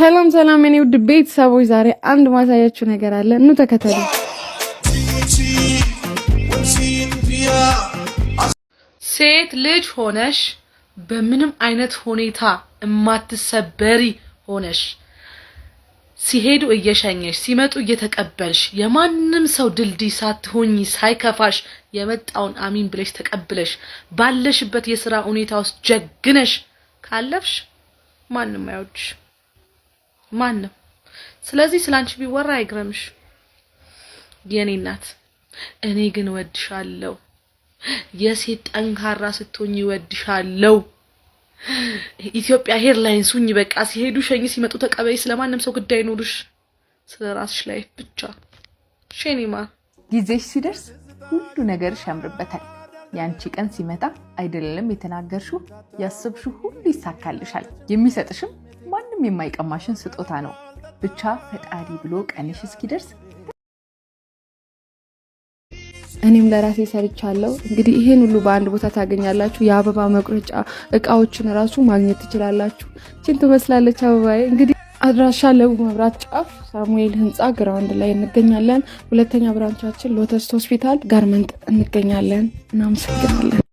ሰላም ሰላም፣ የኔ ውድ ቤተሰቦች፣ ዛሬ አንድ ማሳያችሁ ነገር አለ። ኑ ተከተሉ። ሴት ልጅ ሆነሽ በምንም አይነት ሁኔታ እማትሰበሪ ሆነሽ ሲሄዱ እየሸኘሽ ሲመጡ እየተቀበልሽ የማንም ሰው ድልድይ ሳትሆኝ ሳይከፋሽ የመጣውን አሚን ብለሽ ተቀብለሽ ባለሽበት የስራ ሁኔታ ውስጥ ጀግነሽ ካለፍሽ ማንም አይወድሽ። ማን ነው? ስለዚህ ስላንቺ ቢወራ አይግረምሽ የኔ እናት። እኔ ግን ወድሻለሁ። የሴት ጠንካራ ስትሆኝ ወድሻለሁ። ኢትዮጵያ ሄርላይንስ ሁኝ። በቃ ሲሄዱ ሸኝ፣ ሲመጡ ተቀበይ። ስለማንም ሰው ግዳይ ኖርሽ፣ ስለ ራስሽ ላይ ብቻ ሸኒማ። ጊዜሽ ሲደርስ ሁሉ ነገርሽ ያምርበታል። የአንቺ ቀን ሲመጣ አይደለም የተናገርሽው ያስብሽ ሁሉ ይሳካልሻል። የሚሰጥሽም ምንም የማይቀማሽን ስጦታ ነው። ብቻ ፈጣሪ ብሎ ቀንሽ እስኪደርስ እኔም ለራሴ ሰርቻለሁ። እንግዲህ ይሄን ሁሉ በአንድ ቦታ ታገኛላችሁ። የአበባ መቁረጫ እቃዎችን ራሱ ማግኘት ትችላላችሁ። ችን ትመስላለች አበባዬ። እንግዲህ አድራሻ ለቡ መብራት ጫፍ ሳሙኤል ህንፃ ግራውንድ ላይ እንገኛለን። ሁለተኛ ብራንቻችን ሎተስ ሆስፒታል ጋርመንት እንገኛለን። እናመሰግናለን።